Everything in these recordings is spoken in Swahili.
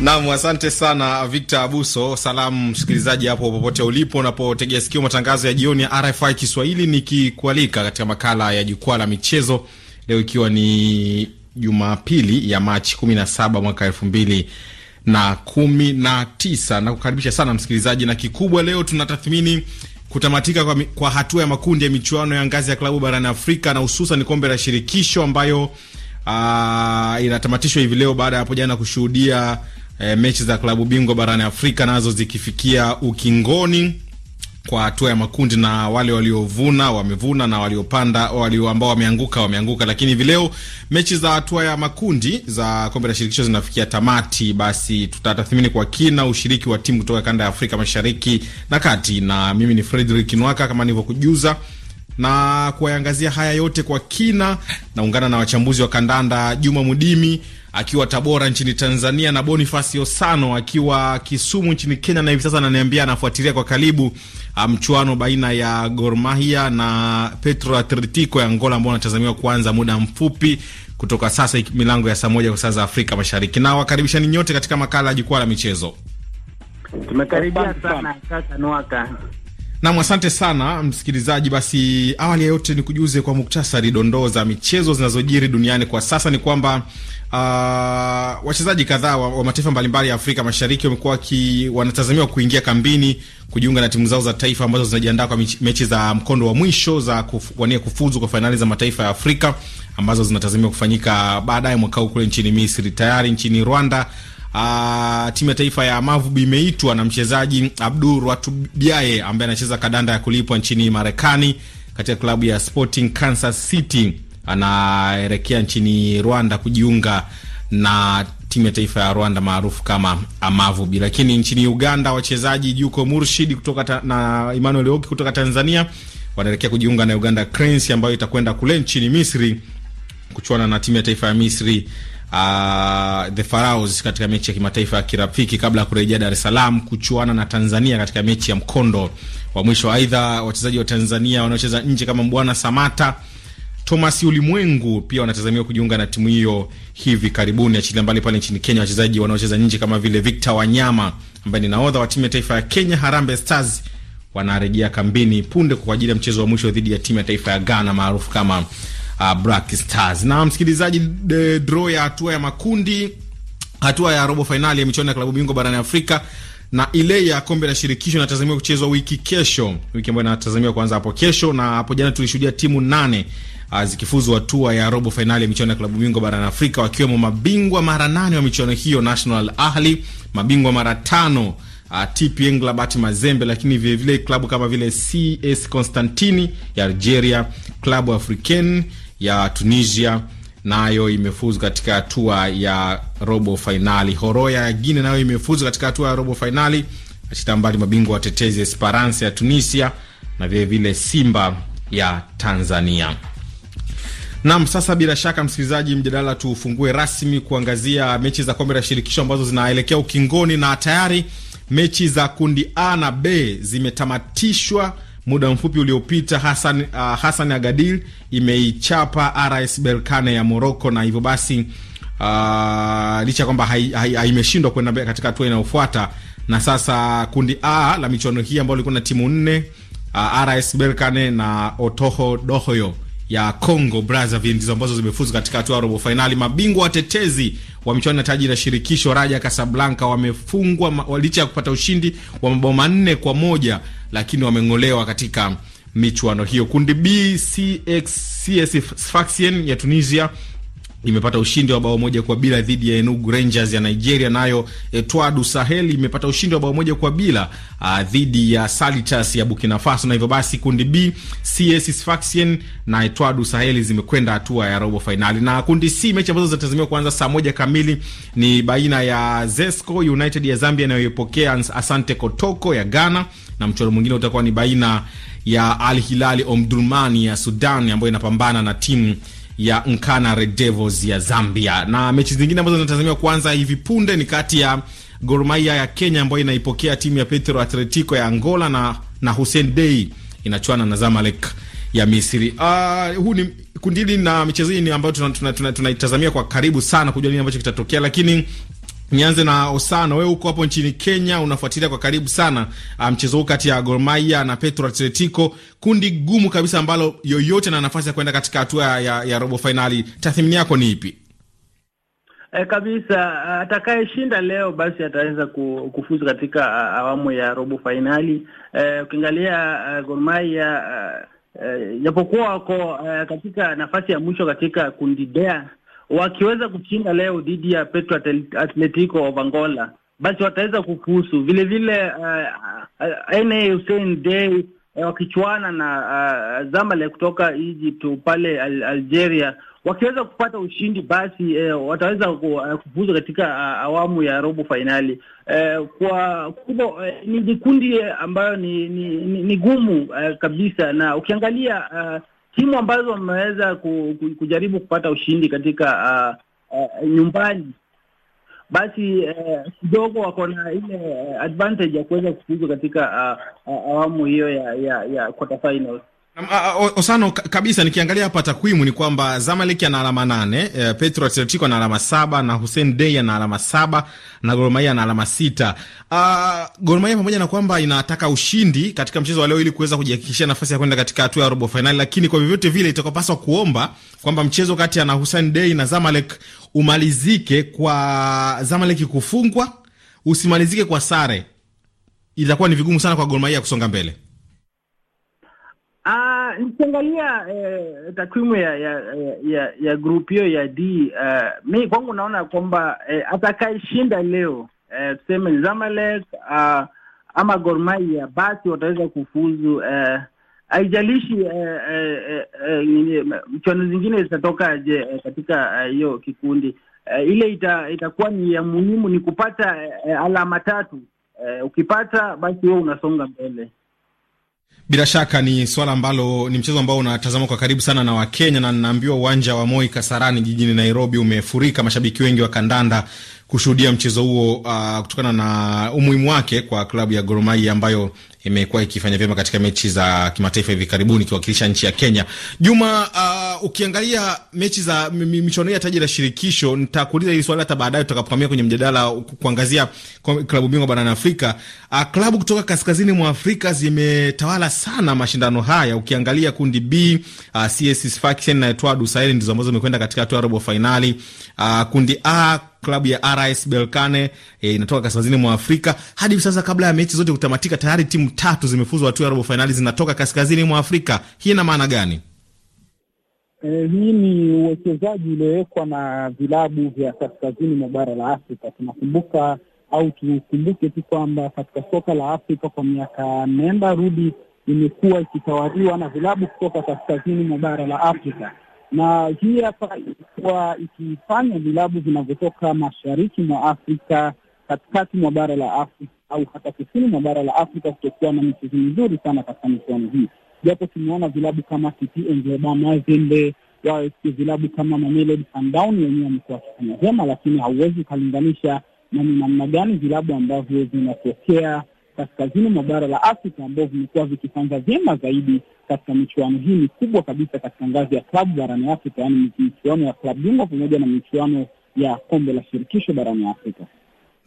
Nam, asante sana Victor Abuso. Salamu msikilizaji hapo popote ulipo unapotegea sikio matangazo ya jioni ya RFI Kiswahili, nikikualika katika makala ya jukwaa la michezo leo, ikiwa ni Jumapili ya Machi 17 mwaka elfu mbili na kumi na tisa na kukaribisha sana msikilizaji, na kikubwa leo tunatathmini kutamatika kwa, kwa hatua ya makundi ya michuano ya ngazi ya klabu barani Afrika na hususan kombe la shirikisho ambayo uh, inatamatishwa hivi leo baada ya hapo jana kushuhudia e, mechi za klabu bingwa barani Afrika nazo zikifikia ukingoni kwa hatua ya makundi, na wale waliovuna wamevuna na waliopanda walio ambao wameanguka wameanguka. Lakini hivi leo mechi za hatua ya makundi za kombe la shirikisho zinafikia tamati, basi tutatathmini kwa kina ushiriki wa timu kutoka kanda ya Afrika mashariki na kati, na mimi ni Fredrick Nwaka kama nilivyokujuza na kuyaangazia haya yote kwa kina, naungana na wachambuzi wa kandanda Juma Mudimi akiwa Tabora nchini Tanzania, na Bonifasi Osano akiwa Kisumu nchini Kenya, na hivi sasa ananiambia anafuatilia kwa karibu um, mchuano baina ya Gor Mahia na Petro Atletico ya Angola ambao anatazamiwa kuanza muda mfupi kutoka sasa, milango ya saa moja kwa saa za Afrika Mashariki. Na wakaribishani nyote katika makala ya jukwaa la michezo. Tumekaribia sana kaka Nwaka. Nam, asante sana msikilizaji. Basi awali ya yote, ni kujuze kwa muktasari dondoo za michezo zinazojiri duniani kwa sasa. Ni kwamba Uh, wachezaji kadhaa wa, wa mataifa mbalimbali ya Afrika Mashariki wamekuwa wanatazamiwa kuingia kambini kujiunga na timu zao za taifa ambazo zinajiandaa kwa mechi za mkondo wa mwisho za kuwania kufu, kufuzu kwa fainali za mataifa ya Afrika ambazo zinatazamiwa kufanyika baadaye mwaka huu kule nchini Misri. Tayari nchini Rwanda, uh, timu ya taifa ya Mavubi imeitwa na mchezaji Abdul Watubiaye ambaye anacheza kadanda ya kulipwa nchini Marekani katika klabu ya Sporting Kansas City anaelekea nchini Rwanda kujiunga na timu ya taifa ya Rwanda maarufu kama Amavubi. Lakini nchini Uganda wachezaji Juko Murshid kutoka ta, na Emmanuel Oki kutoka Tanzania wanaelekea kujiunga na Uganda Cranes ambayo itakwenda kule nchini Misri kuchuana na timu ya taifa ya Misri uh, the Pharaohs katika mechi ya kimataifa ya kirafiki kabla ya kurejea Dar es Salaam kuchuana na Tanzania katika mechi ya mkondo wa mwisho. Aidha, wachezaji wa Tanzania wanaocheza nje kama Mbwana Samata Thomas Ulimwengu pia wanatazamiwa kujiunga na timu hiyo hivi karibuni, achilia mbali pale nchini Kenya wachezaji wanaocheza nje kama vile Victor Wanyama ambaye ni nahodha wa timu ya taifa ya Kenya. Harambee Stars wanarejea kambini punde kwa ajili ya mchezo wa mwisho dhidi ya timu ya taifa ya Ghana maarufu kama uh, Black Stars. Na msikilizaji, draw ya hatua ya makundi, hatua ya robo fainali ya michuano ya klabu bingwa barani Afrika na ile ya kombe la shirikisho inatazamiwa kuchezwa wiki kesho, wiki ambayo inatazamiwa kuanza hapo kesho. Na hapo jana tulishuhudia timu nane Ah, zikifuzu hatua ya robo fainali ya michuano ya klabu bingwa barani Afrika, wakiwemo mabingwa mara nane wa michuano hiyo National Ahli, mabingwa mara tano Uh, ah, TP Englebert Mazembe, lakini vilevile klabu kama vile CS Constantini ya Algeria, klabu African ya Tunisia nayo na imefuzu katika hatua ya robo fainali. Horoya ya Guinea nayo imefuzu katika hatua ya robo fainali, achita mbali mabingwa watetezi Esperance ya Tunisia na vilevile vile Simba ya Tanzania. Nam, sasa bila shaka msikilizaji, mjadala tufungue rasmi kuangazia mechi za kombe la shirikisho ambazo zinaelekea ukingoni, na tayari mechi za kundi A na B zimetamatishwa muda mfupi uliopita. Hasan, uh, Hasan Agadir imeichapa RS Berkane ya Moroko, na hivyo basi uh, licha ya kwamba imeshindwa kwenda katika hatua inayofuata, na sasa kundi A la michuano hii ambalo lilikuwa na timu nne, uh, RS Berkane na Otoho Dohoyo ya Congo Brazzaville ndizo ambazo zimefuzu katika hatua ya robo fainali. Mabingwa watetezi wa michuano ya taji la shirikisho Raja kasablanka wamefungwa licha ya kupata ushindi wa mabao manne kwa moja, lakini wameng'olewa katika michuano hiyo. Kundi B, CX, CS Sfaxien ya Tunisia imepata ushindi wa bao moja kwa bila dhidi ya Enugu Rangers ya Nigeria. Nayo Etwadu Sahel imepata ushindi wa bao moja kwa bila uh, dhidi ya Salitas ya Burkina Faso, na hivyo basi kundi B CS Sfaxien na Etwadu Sahel zimekwenda hatua ya robo fainali. Na kundi C, mechi ambazo zinatazamiwa kuanza saa moja kamili ni baina ya Zesco United ya Zambia inayoipokea Asante Kotoko ya Ghana, na mchoro mwingine utakuwa ni baina ya Al Hilali Omdurman ya Sudan ambayo inapambana na timu ya Nkana Devils ya Zambia. Na mechi zingine ambazo zinatazamiwa kuanza hivi punde ni kati ya Gor Mahia ya Kenya ambayo inaipokea timu ya Petro Atletico ya Angola na, na Hussein Dey inachuana na Zamalek ya Misri. Uh, huu ni kundi na michezo hii ambayo tunaitazamia tuna, tuna, tuna kwa karibu sana kujua nini ambacho kitatokea, lakini Nianze na Osano, wewe uko hapo nchini Kenya, unafuatilia kwa karibu sana ah, mchezo huu kati ya Gor Mahia na Petro Atletico, kundi gumu kabisa ambalo yoyote na nafasi ya kwenda katika hatua ya, ya robo fainali. Tathmini yako ni ipi? E, kabisa atakayeshinda leo basi ataweza kufuzu katika ah, awamu ya robo fainali. E, eh, ukiangalia ah, Gor Mahia eh, japokuwa wako katika nafasi ya mwisho katika kundi D wakiweza kushinda leo dhidi ya Petro Atletico of Angola, basi wataweza kufuzu vile vile. Uh, eh, eh, na Hussein Dey eh, wakichuana na uh, Zamalek kutoka Egypt pale Al Algeria, wakiweza kupata ushindi basi eh, wataweza kufuzu katika uh, awamu ya robo fainali eh, kwa kubwa eh, ni vikundi ambayo ni ni, ni, ni gumu eh, kabisa, na ukiangalia uh, timu ambazo wameweza kujaribu kupata ushindi katika uh, uh, nyumbani basi uh, kidogo uh, wako na ile uh, advantage ya kuweza kufuzu katika awamu uh, uh, awamu hiyo ya ya, ya quarter finals. Osano kabisa, nikiangalia hapa takwimu ni kwamba Zamalek ana alama nane, e, Petro Atletico ana alama saba na Hussein Dey ana alama saba na Gor Mahia ana alama sita. Uh, Gor Mahia pamoja na kwamba inataka ushindi katika mchezo wa leo ili kuweza kujihakikishia nafasi ya kwenda katika hatua ya robo fainali, lakini kwa vyovyote vile itakapaswa kuomba kwamba mchezo kati ya na Hussein Dey na Zamalek umalizike kwa Zamalek kufungwa, usimalizike kwa sare, itakuwa ni vigumu sana kwa Gor Mahia kusonga mbele nikiangalia eh, takwimu ya ya ya, ya grupu hiyo ya D uh, mi kwangu naona kwamba eh, atakaeshinda leo eh, tuseme Zamalek uh, ama Gor Mahia basi wataweza kufuzu eh, haijalishi eh, eh, eh, eh, mchuano zingine zitatoka je eh, katika eh, hiyo eh, kikundi eh, ile ita, itakuwa ni ya muhimu ni kupata eh, alama tatu eh, ukipata basi wewe unasonga mbele. Bila shaka ni swala ambalo ni mchezo ambao unatazama kwa karibu sana na Wakenya, na ninaambiwa uwanja wa Moi Kasarani jijini Nairobi umefurika mashabiki wengi wa kandanda kushuhudia mchezo huo uh, kutokana na umuhimu wake kwa klabu ya Gor Mahia ambayo imekuwa ikifanya vyema katika mechi za kimataifa hivi karibuni ikiwakilisha nchi ya Kenya. Juma, uh, ukiangalia mechi za michuano ya taji la shirikisho, nitakuuliza hili swali hata baadaye tutakapohamia kwenye mjadala kuangazia klabu bingwa barani Afrika. Uh, klabu kutoka kaskazini mwa Afrika zimetawala sana mashindano haya. Ukiangalia kundi B, uh, CS Sfaxien na Etoile du Sahel ndizo ambazo zimekwenda katika hatua ya robo fainali. Uh, kundi A klabu ya RS belkane e, inatoka kaskazini mwa Afrika. Hadi hivi sasa, kabla ya mechi zote kutamatika, tayari timu tatu zimefuzwa hatua ya robo fainali zinatoka kaskazini mwa Afrika. Hii ina maana gani? E, hii ni uwekezaji uliowekwa na vilabu vya kaskazini mwa bara la Afrika. Tunakumbuka au tukumbuke tu kwamba katika soka la Afrika kwa miaka nenda rudi imekuwa ikitawaliwa na vilabu kutoka kaskazini mwa bara la Afrika na hii hapa ilikuwa ikifanya vilabu vinavyotoka mashariki mwa Afrika, katikati mwa bara la Afrika au hata kusini mwa bara la Afrika kutokuwa na michezo mizuri sana katika michuano hii, japo tumeona vilabu kama TP Englebert, Mazembe vilabu kama Mamelodi Sundowns wenyewe wamekuwa wakifanya vyema, lakini hauwezi ukalinganisha na ni namna gani vilabu ambavyo vinatokea kaskazini mwa bara la Afrika ambao vimekuwa vikifanya vyema zaidi katika michuano hii mikubwa kabisa katika ngazi ya klabu barani Afrika, yaani michuano ya klabu bingwa pamoja na michuano ya kombe la shirikisho barani Afrika.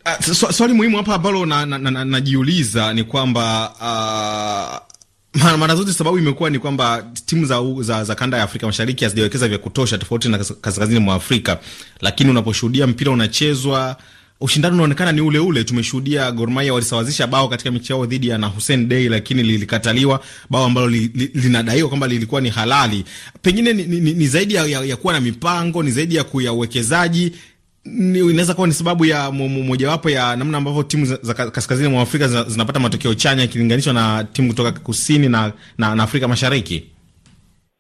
Uh, swali so, muhimu hapa ambalo najiuliza na, na, na, ni kwamba uh, mara zote sababu imekuwa ni kwamba timu za, za, za kanda ya Afrika Mashariki hazijawekeza vya kutosha, tofauti na kaskazini mwa Afrika, lakini unaposhuhudia mpira unachezwa ushindani unaonekana ni ule ule. Tumeshuhudia Gor Mahia walisawazisha bao katika mechi yao dhidi ya na Hussein Dey, lakini lilikataliwa bao ambalo li, li, linadaiwa kwamba lilikuwa ni halali. Pengine ni, ni, ni zaidi ya, ya, ya kuwa na mipango, ni zaidi ya kuya uwekezaji inaweza kuwa ni sababu ya mojawapo ya namna ambavyo timu za, za kaskazini mwa Afrika zinapata matokeo chanya ikilinganishwa na timu kutoka kusini na, na, na Afrika Mashariki.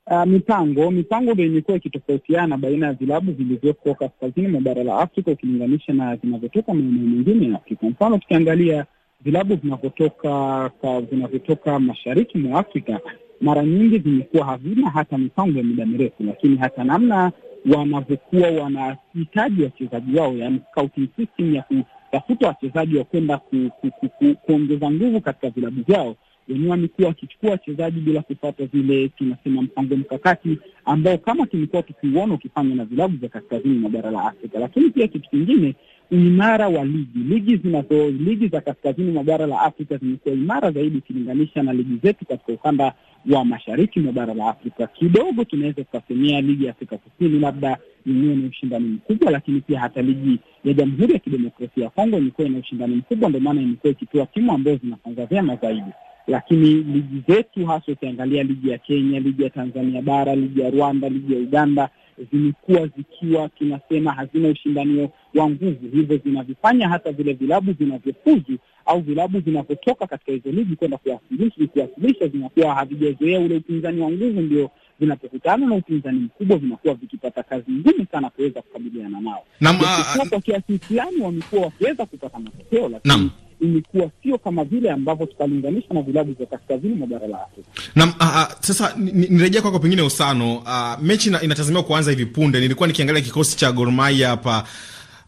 Uh, mipango mipango ndo imekuwa ikitofautiana baina ya vilabu vilivyoko kaskazini mwa bara la Afrika ukilinganisha na vinavyotoka maeneo mengine ya Afrika. Mfano, tukiangalia vilabu vinavyotoka vinavyotoka mashariki mwa Afrika mara nyingi vimekuwa havina hata mipango ya muda mirefu lakini hata namna wanavyokuwa wanahitaji wachezaji wao, yani scouting system ya kutafuta wachezaji wa kwenda kuongeza ku, ku, ku, nguvu katika vilabu vyao wenyewe amekuwa wakichukua wachezaji bila kupata zile tunasema mpango mkakati ambao kama tumekuwa tukiuona ukifanywa na vilabu vya kaskazini mwa bara la Afrika. Lakini pia kitu kingine, uimara wa ligi ligi zinazo ligi za kaskazini mwa bara la Afrika zimekuwa imara zaidi ukilinganisha na ligi zetu katika ukanda wa mashariki mwa bara la Afrika. Kidogo tunaweza tukasemea ligi ya Afrika Kusini labda yenyewe ni ushindani mkubwa, lakini pia hata ligi ya Jamhuri ya Kidemokrasia ya Kongo imekuwa ina ushindani mkubwa, ndio maana imekuwa ikitoa timu ambazo zinafanya vyema zaidi lakini ligi zetu hasa ukiangalia ligi ya Kenya, ligi ya Tanzania bara, ligi ya Rwanda, ligi ya Uganda zimekuwa zikiwa tunasema hazina ushindani wa nguvu, hivyo zinavifanya hata vile vilabu vinavyofuzu au vilabu vinavyotoka katika hizo ligi kwenda kuwasilisha zinakuwa havijazoea ule upinzani wa nguvu, ndio vinapokutana na upinzani mkubwa vinakuwa vikipata kazi ngumu sana kuweza kukabiliana nao. Kwa ah, ah, kiasi fulani wamekuwa wakiweza kupata matokeo lakini ilikuwa sio kama vile ambavyo tukalinganisha na vilabu vya kaskazini mwa bara la Afrika. Naam, ah, ah, sasa nirejea kwako, pengine Usano, a, ah, mechi inatazamiwa kuanza hivi punde. Nilikuwa nikiangalia kikosi cha Gor Mahia hapa,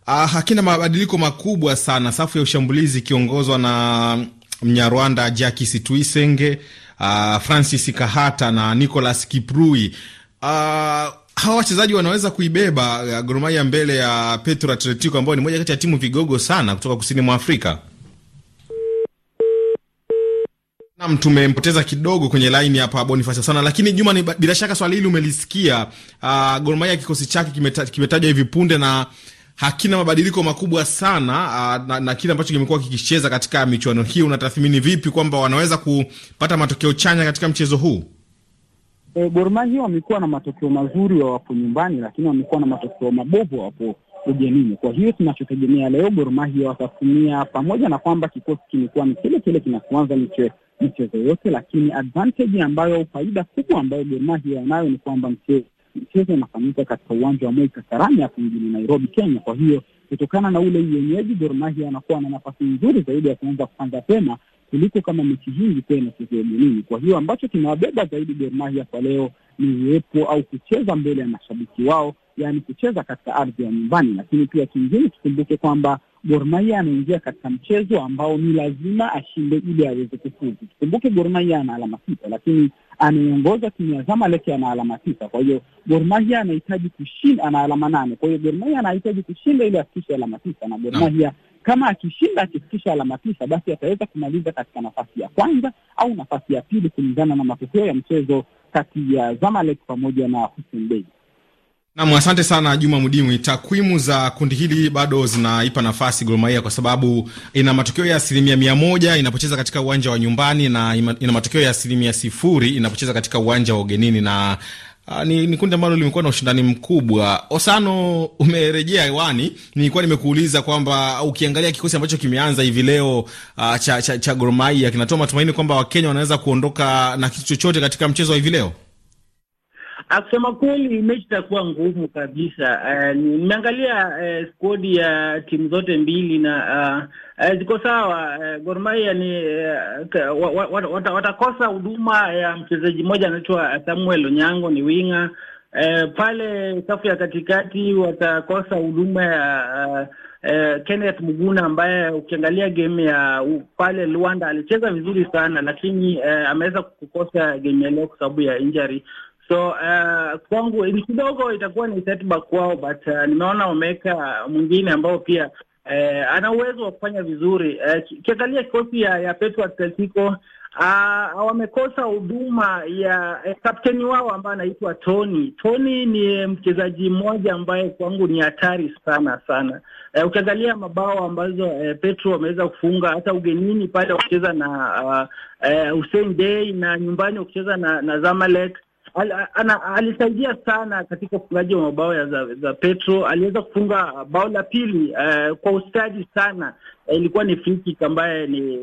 hakina mabadiliko makubwa sana. Safu ya ushambulizi ikiongozwa na Mnyarwanda Jaki Situisenge, uh, Francis Kahata na Nicolas Kiprui. Uh, hawa wachezaji wanaweza kuibeba Gor Mahia mbele ya Petro Atletico ambao ni moja kati ya timu vigogo sana kutoka kusini mwa Afrika. Tumempoteza kidogo kwenye laini hapa Boniface sana, lakini Juma, ni bila shaka swali hili umelisikia. Uh, Gor Mahia kikosi chake kimetajwa hivi punde na hakina mabadiliko makubwa sana uh, na, na kile ambacho kimekuwa kikicheza katika michuano hii, unatathmini vipi kwamba wanaweza kupata matokeo chanya katika mchezo huu? E, Gor Mahia wamekuwa na matokeo mazuri wawapo nyumbani, lakini wamekuwa na matokeo mabovu wapo Ugenini. Kwa hiyo tunachotegemea leo, Gor Mahia watatumia, pamoja na kwamba kikosi kimekuwa ni kile kile kinakuanza michezo yote, lakini advantage ambayo, faida kubwa ambayo Gor Mahia wanayo ni kwamba mchezo unafanyika katika uwanja wa Moi Kasarani hapo mjini Nairobi, Kenya. Kwa hiyo kutokana na ule uenyeji Gor Mahia anakuwa na nafasi nzuri zaidi ya kuanza kupanga tema kuliko kama mechi hii ilikuwa inachezea ugenini. Kwa hiyo ambacho kinawabeba zaidi Gor Mahia kwa leo ni uwepo au kucheza mbele ya mashabiki wao yaani kucheza katika ardhi ya nyumbani. Lakini pia kingine tukumbuke kwamba Gor Mahia anaingia katika mchezo ambao ni lazima ashinde ili aweze kufuzu. Tukumbuke Gor Mahia ana alama sita, lakini anayeongoza timu ya Zamalek ana alama tisa. Kwa hiyo Gor Mahia anahitaji kushinda, ana alama nane. Kwa hiyo Gor Mahia anahitaji kushinda ili afikishe alama tisa, na Gor Mahia kama akishinda akifikisha alama tisa, basi ataweza kumaliza katika nafasi ya kwanza au nafasi ya pili kulingana na matokeo ya mchezo kati ya Zamalek pamoja na Hussein Nam, asante sana Juma Mudimwi. Takwimu za kundi hili bado zinaipa nafasi Gor Mahia kwa sababu ina matokeo ya asilimia mia moja inapocheza katika uwanja wa nyumbani na ina matokeo ya asilimia sifuri inapocheza katika uwanja wa ugenini na Uh, ni, ni kundi ambalo limekuwa na ushindani mkubwa. Osano, umerejea hewani. Nilikuwa nimekuuliza kwamba ukiangalia kikosi ambacho kimeanza hivi leo uh, cha, cha, cha Gor Mahia kinatoa matumaini kwamba Wakenya wanaweza kuondoka na kitu chochote katika mchezo wa hivi leo. Akusema kweli mechi itakuwa ngumu kabisa. Eh, nimeangalia uh, uh, eh, skodi ya timu zote mbili na uh, uh, ziko sawa. Uh, Gor Mahia ni uh, watakosa wata, huduma ya mchezaji mmoja anaitwa Samuel Onyango, ni winga uh, pale safu ya katikati watakosa huduma ya uh, Uh, Kenneth Muguna ambaye ukiangalia game ya uh, pale Luanda alicheza vizuri sana, lakini uh, ameweza kukosa game ya leo kwa sababu ya injury. So uh, kwangu ni kidogo itakuwa ni setback kwao, but uh, nimeona wameweka mwingine ambao pia uh, ana uwezo wa kufanya vizuri uh, kiangalia kikosi ya, ya Petro Atletico Uh, wamekosa huduma ya uh, kapteni wao ambaye anaitwa Tony. Tony ni mchezaji mmoja ambaye kwangu ni hatari sana sana. uh, ukiangalia mabao ambazo uh, Petro wameweza kufunga hata ugenini pale wakucheza na uh, uh, Hussein na nyumbani wakucheza na, na Zamalek al, ana, alisaidia sana katika ufungaji wa mabao ya za, za Petro. Aliweza kufunga bao la pili uh, kwa ustadi sana. Eh, ilikuwa ni free kick ambaye ni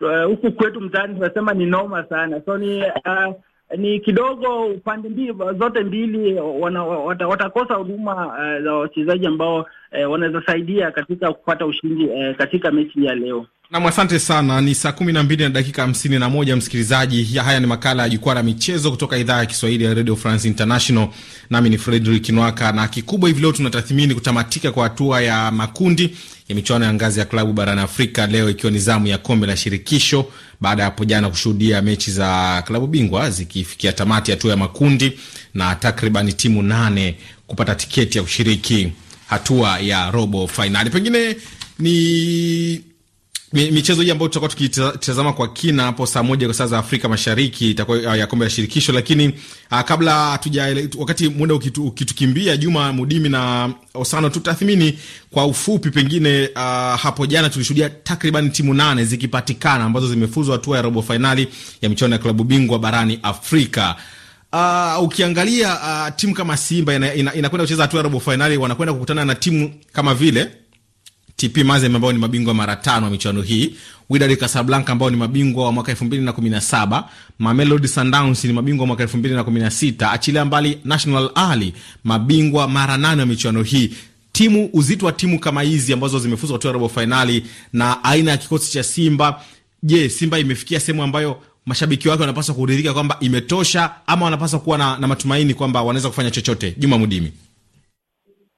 eh, huku uh, kwetu mtaani tunasema ni noma sana, so ni uh, ni kidogo upande mbili zote mbili wana, wata, watakosa huduma uh, za wachezaji ambao uh, wanaweza saidia katika kupata ushindi uh, katika mechi ya leo. Nam, asante sana. Ni saa kumi na mbili na dakika hamsini na moja msikilizaji. Ya haya ni makala ya jukwaa la michezo kutoka idhaa ya Kiswahili ya Radio France International, nami ni Fredrick Nwaka, na kikubwa hivi leo tunatathmini kutamatika kwa hatua ya makundi ya michuano ya ngazi ya klabu barani Afrika leo ikiwa ni zamu ya kombe la shirikisho baada ya hapo jana kushuhudia mechi za klabu bingwa zikifikia tamati hatua ya makundi na takriban timu nane kupata tiketi ya kushiriki hatua ya robo fainali. Pengine ni michezo hii ambayo tutakuwa tukitazama kwa kina hapo saa moja kwa saa za Afrika Mashariki itakuwa uh, ya kombe ya shirikisho. Lakini uh, kabla hatuja, wakati muda ukitukimbia, ukitu Juma Mudimi na Osano, tutathmini kwa ufupi pengine. Uh, hapo jana tulishuhudia takriban timu nane zikipatikana ambazo zimefuzwa hatua ya robo fainali ya michuano ya klabu bingwa barani Afrika. Uh, ukiangalia uh, timu kama Simba inakwenda ina, ina kucheza hatua ya robo fainali, wanakwenda kukutana na timu kama vile TP Mazem ambao ni mabingwa mara tano wa michuano hii, Wydad Casablanca ambao ni mabingwa wa mwaka 2017, Mamelodi Sundowns ni mabingwa wa mwaka 2016, achilia mbali National Ahli, mabingwa mara nane wa michuano hii. Timu uzito wa timu kama hizi ambazo zimefuzu katika robo fainali na aina ya kikosi cha Simba, je, Simba imefikia sehemu ambayo mashabiki wake wanapaswa kuridhika kwamba imetosha ama wanapaswa kuwa na, na matumaini kwamba wanaweza kufanya chochote? Juma Mudimi.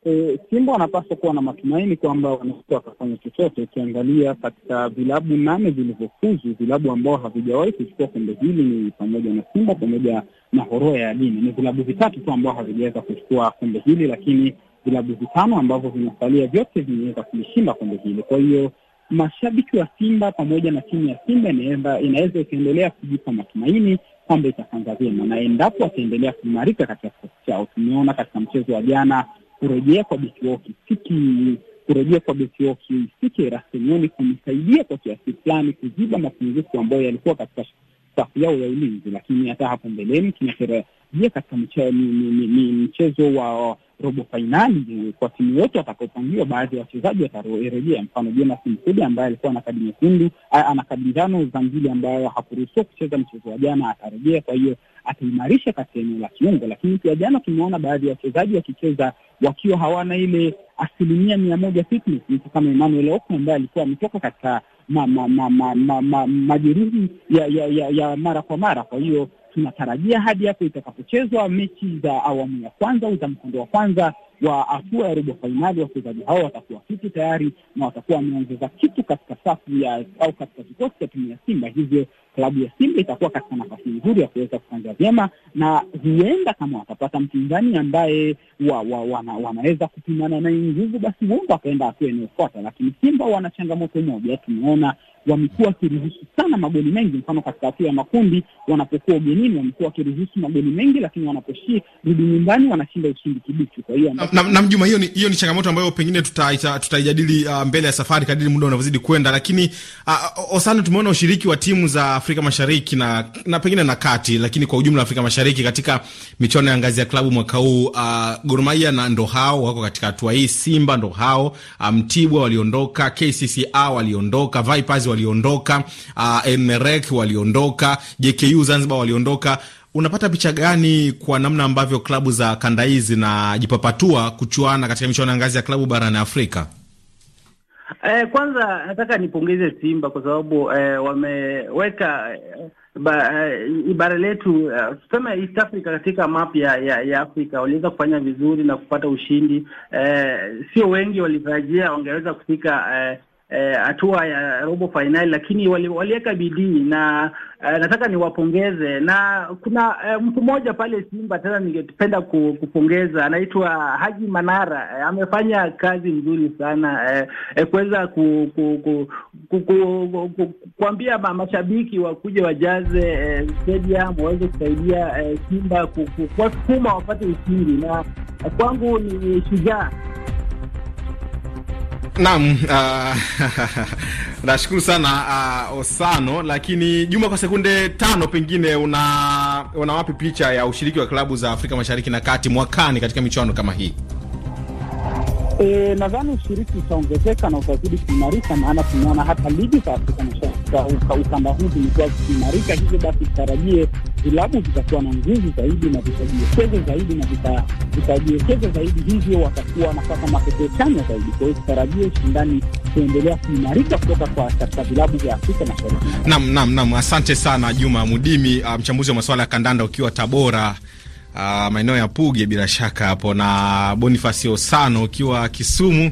E, Simba wanapaswa kuwa na matumaini kwamba wanaweza wakafanya chochote. Ukiangalia katika vilabu nane vilivyofuzu, vilabu ambao havijawahi kuchukua kombe hili ni pamoja na Simba pamoja na Horoya ya Dini. Ni vilabu vitatu tu ambao havijaweza kuchukua kombe hili, lakini vilabu vitano ambavyo vinasalia vyote vimeweza kulishinda kombe hili. Kwa hiyo mashabiki wa Simba pamoja na timu ya Simba inaweza ikaendelea kujipa matumaini kwamba itafanza vyema, na endapo wataendelea kuimarika katika kikosi chao. Tumeona katika mchezo wa jana kurejea kwa Bisioki siki kurejea kwa Bisioki siki Rasimuoni kumsaidia kwa kiasi fulani kuziba mapungufu ambayo yalikuwa katika safu yao ya ulinzi, lakini hata hapo mbeleni tunatarajia katika mchezo wa robo fainali kwa timu yote watakaopangiwa, baadhi ya wachezaji watarejea. Mfano, Jonas Mkude ambaye alikuwa na kadi nyekundu, ana kadi njano za mbili, ambayo hakuruhusiwa kucheza mchezo wa jana, atarejea. Kwa hiyo ataimarisha katika eneo la kiungo, lakini pia jana tumeona baadhi ya wachezaji wakicheza wakiwa hawana ile asilimia mia moja fitness. Mtu kama Emmanuel Okwi ambaye alikuwa ametoka katika ma, ma, ma, ma, ma, ma, majeruhi ya, ya, ya, ya mara kwa mara. Kwa hiyo tunatarajia hadi hapo itakapochezwa mechi za awamu ya kwanza au za mkondo wa kwanza wa hatua ya robo fainali, wachezaji hao watakuwa kitu tayari na watakuwa wameongeza kitu katika safu ya au katika kikosi cha timu ya Simba, hivyo klabu ya Simba itakuwa katika nafasi nzuri ya kuweza kufanya vyema, na huenda kama watapata mpinzani ambaye wa, wa, wana, wanaweza kupimana naye nguvu, basi huenda akaenda hatua inayofuata. Lakini Simba wana changamoto moja, tumeona wamekuwa wakiruhusu sana magoli mengi. Mfano, katika hatua ya makundi wanapokuwa ugenini wamekuwa wakiruhusu magoli mengi, lakini wanaposhia rudi nyumbani wanashinda ushindi kibichi. Kwa hiyo na, na Mjuma, hiyo ni, hiyo ni changamoto ambayo pengine tutaijadili tuta uh, mbele ya safari kadiri muda unavyozidi kwenda, lakini uh, osana, tumeona ushiriki wa timu za Afrika Mashariki na, na pengine na kati, lakini kwa ujumla Afrika Mashariki katika michuano ya ngazi ya klabu mwaka huu uh, Gor Mahia na ndo hao wako katika hatua hii, Simba ndo hao, uh, Mtibwa um, waliondoka, KCCA waliondoka, Vipers Stars waliondoka, uh, Emerek waliondoka, JKU Zanzibar waliondoka. Unapata picha gani kwa namna ambavyo klabu za kanda hii zinajipapatua kuchuana katika michuano ya ngazi ya klabu barani Afrika? Eh, kwanza nataka nipongeze Simba kwa sababu eh, wameweka eh, ba, eh, bara letu eh, tuseme East Africa katika map ya, ya, ya Afrika waliweza kufanya vizuri na kupata ushindi eh, sio wengi walitarajia wangeweza kufika eh, Eh, hatua e, ya robo fainali, lakini waliweka bidii na e, nataka niwapongeze. Na kuna e, mtu mmoja pale Simba tena ningependa kupongeza, anaitwa Haji Manara e, amefanya kazi nzuri sana e, e, kuweza ku, ku, ku, ku, ku, ku, kuambia mashabiki wakuja wajaze e, stadium waweze kusaidia e, Simba kuwasukuma wapate ushindi, na kwangu ni shujaa Naam, uh, nashukuru sana uh, Osano, lakini Juma, kwa sekunde tano pengine una, una wapi picha ya ushiriki wa klabu za Afrika Mashariki na Kati mwakani katika michuano kama hii? E, nadhani ushiriki utaongezeka na utazidi kuimarika, maana tumeona hata ligi za Afrika Mashariki ukanda huu zimekuwa zikiimarika. Hivyo basi tutarajie vilabu vitakuwa na nguvu zaidi na vitajiwekeza zaidi na vitajiwekeza zaidi, hivyo watakuwa wanapata matokeo chanya zaidi. Kwa hiyo tutarajie ushindani kuendelea kuimarika kutoka kwa katika vilabu vya Afrika Mashariki. Naam, naam, naam, asante sana Juma Mudimi, uh, mchambuzi wa masuala ya kandanda ukiwa Tabora uh, maeneo ya Puge bila shaka hapo, na Bonifasi Osano ukiwa Kisumu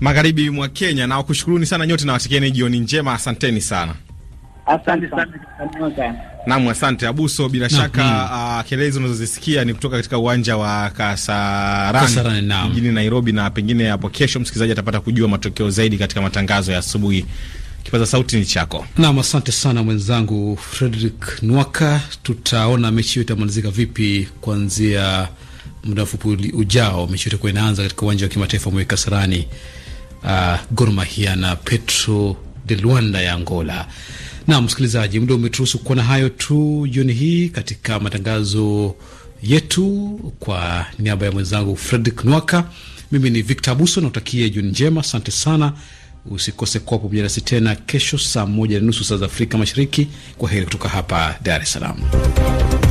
magharibi mwa Kenya. Na wakushukuruni sana nyote na jioni njema, asanteni sana. Asante sana. Naam, asante Abuso, bila shaka na, uh, kelele unazozisikia ni kutoka katika uwanja wa Kasarani jijini Nairobi, na pengine hapo kesho msikilizaji atapata kujua matokeo zaidi katika matangazo ya asubuhi. Kipaza sauti ni chako. Naam, asante sana mwenzangu Frederick Nwaka. Tutaona mechi hiyo itamalizika vipi kuanzia muda mfupi ujao. Mechi hiyo itakuwa inaanza katika uwanja wa kimataifa Moi Kasarani, uh, Gor Mahia na Petro de Luanda ya Angola. Naam, msikilizaji, muda umeturuhusu kuona hayo tu jioni hii katika matangazo yetu. Kwa niaba ya mwenzangu Frederick Nwaka, mimi ni Victor Abuso, nakutakia jioni njema. Asante sana. Usikose kuwa pamoja nasi tena kesho saa moja na nusu saa za Afrika Mashariki. Kwa heri kutoka hapa Dar es Salaam.